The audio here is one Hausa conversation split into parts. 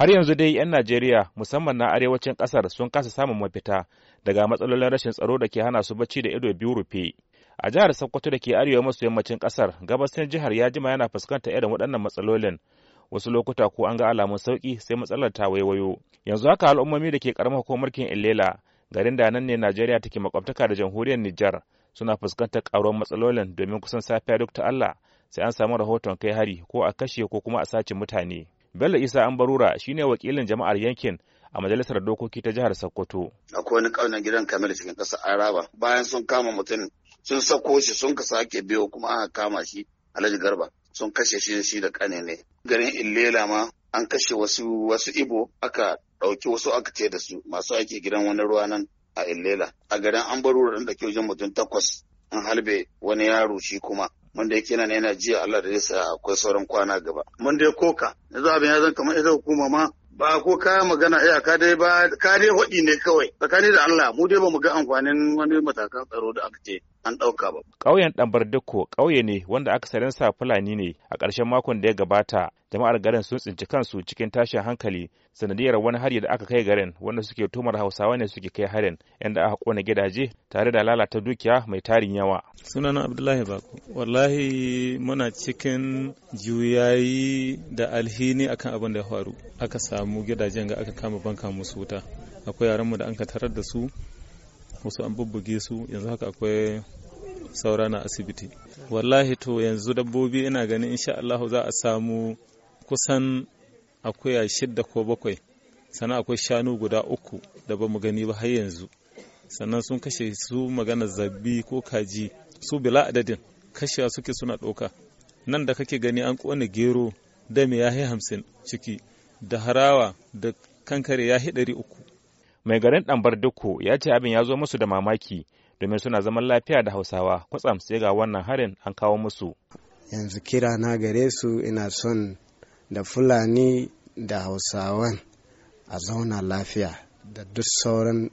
Har yanzu dai 'yan Najeriya musamman na arewacin ƙasar sun kasa samun mafita daga matsalolin rashin tsaro da ke hana su bacci da ido biyu rufe. A jihar Sokoto da ke arewa maso yammacin ƙasar gabasin jihar ya jima yana fuskantar irin waɗannan matsalolin. Wasu lokuta ko an ga alamun sauki sai matsalar ta waiwayo. Yanzu haka al'ummomi da ke ƙaramar ko kin Ilela garin da nan ne Najeriya take makwabtaka da jamhuriyar Nijar suna fuskantar ƙaruwar matsalolin domin kusan safiya duk ta Allah sai an samu rahoton kai hari ko a kashe ko kuma a sace mutane. Bello Isa Ambarura shine wakilin jama'ar yankin a majalisar dokoki ta jihar Sokoto. Akwai wani ƙaunar gidan Kamilu cikin ƙasa Araba bayan sun kama mutum sun sako shi sun ka sake biyo kuma aka kama shi Alhaji Garba sun kashe shi shi da kane ne. Garin Illela ma an kashe wasu wasu Ibo aka ɗauki wasu aka ce da su masu aiki gidan wani ruwa nan a Illela. A garin Ambarura ɗin da ke wajen mutum takwas an halbe wani yaro shi kuma wanda yake nan yana jiya Allah da sa akwai sauran kwana gaba mun dai koka yanzu abin ya zan kamar ita hukuma ma ba ko kayan magana iya ka dai ba ka dai hudi ne kawai tsakani da Allah mu dai mu ga amfanin wani matakan tsaro da aka ce an ɗauka ba. Ƙauyen ƙauye ne wanda akasarin sa Fulani ne a ƙarshen makon da ya gabata. Jama'ar garin sun tsinci kansu cikin tashin hankali sanadiyar wani hari da aka kai garin wanda suke tumar Hausawa ne suke kai harin inda aka kona gidaje tare da lalata dukiya mai tarin yawa. Sunana Abdullahi Bako. Wallahi muna cikin juyayi da alhini akan abin da ya faru. Aka samu gidajen ga aka kama banka musu wuta. Akwai yaranmu da an ka tarar da su wasu an bubbuge su yanzu haka akwai saura na asibiti wallahi to yanzu dabbobi ina ganin insha Allah za a samu kusan akuya shidda ko bakwai sannan akwai shanu guda uku da ba mu gani ba har yanzu sannan sun kashe su magana zabi ko kaji su bila adadin kashewa suke suna ɗauka nan da kake gani an kone gero da me ya hamsin ciki da harawa da kankare ya yi ɗari uku mai garin ɗambar dukku ya ce abin ya zo musu da mamaki domin suna zaman lafiya da hausawa kwatsam sai ga wannan harin an kawo musu yanzu kira na gare su ina son da fulani da hausawan a zauna lafiya da duk sauran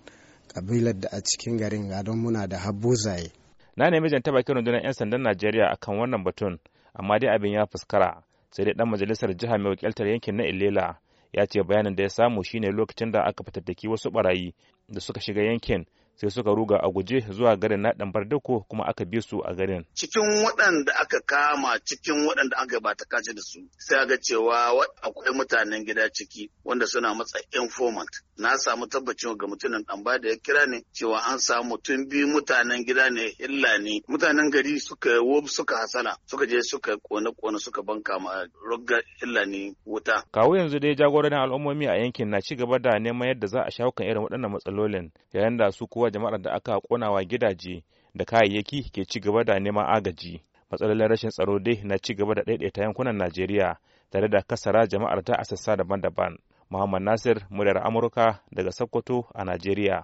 kabilar da a cikin garin don muna da habuzaye na nemi jan taba kiran rundunar 'yan sandan najeriya akan wannan batun amma dai abin ya fuskara sai dai dan majalisar jiha mai wakiltar yankin na ilela ya ce bayanin da ya samu shine lokacin da aka fitattaki wasu barayi da suka shiga yankin sai suka ruga a guje zuwa garin na ɗan Bardako kuma aka bi su a garin. Cikin waɗanda aka kama cikin waɗanda aka ba ta kace da su sai ga cewa akwai mutanen gida ciki wanda suna matsa informant. Na samu tabbacin ga mutumin ɗan ba da ya kira ne cewa an samu tun bi mutanen gida ne illa ne mutanen gari suka wob suka hasala suka je suka kone kone suka banka ma rugga illa ne wuta. Kawo yanzu dai jagoranin al'ummomi a yankin na ci gaba da neman yadda za a shawo kan irin waɗannan matsalolin yayin da su kuwa wa jama'ar da aka konawa gidaje da kayayyaki ke ci gaba da neman agaji matsalolin rashin tsaro dai na ci gaba da ɗaiɗaita yankunan najeriya tare da kasara jama'ar ta a sassa daban-daban muhammad nasir muryar amurka daga sokoto a najeriya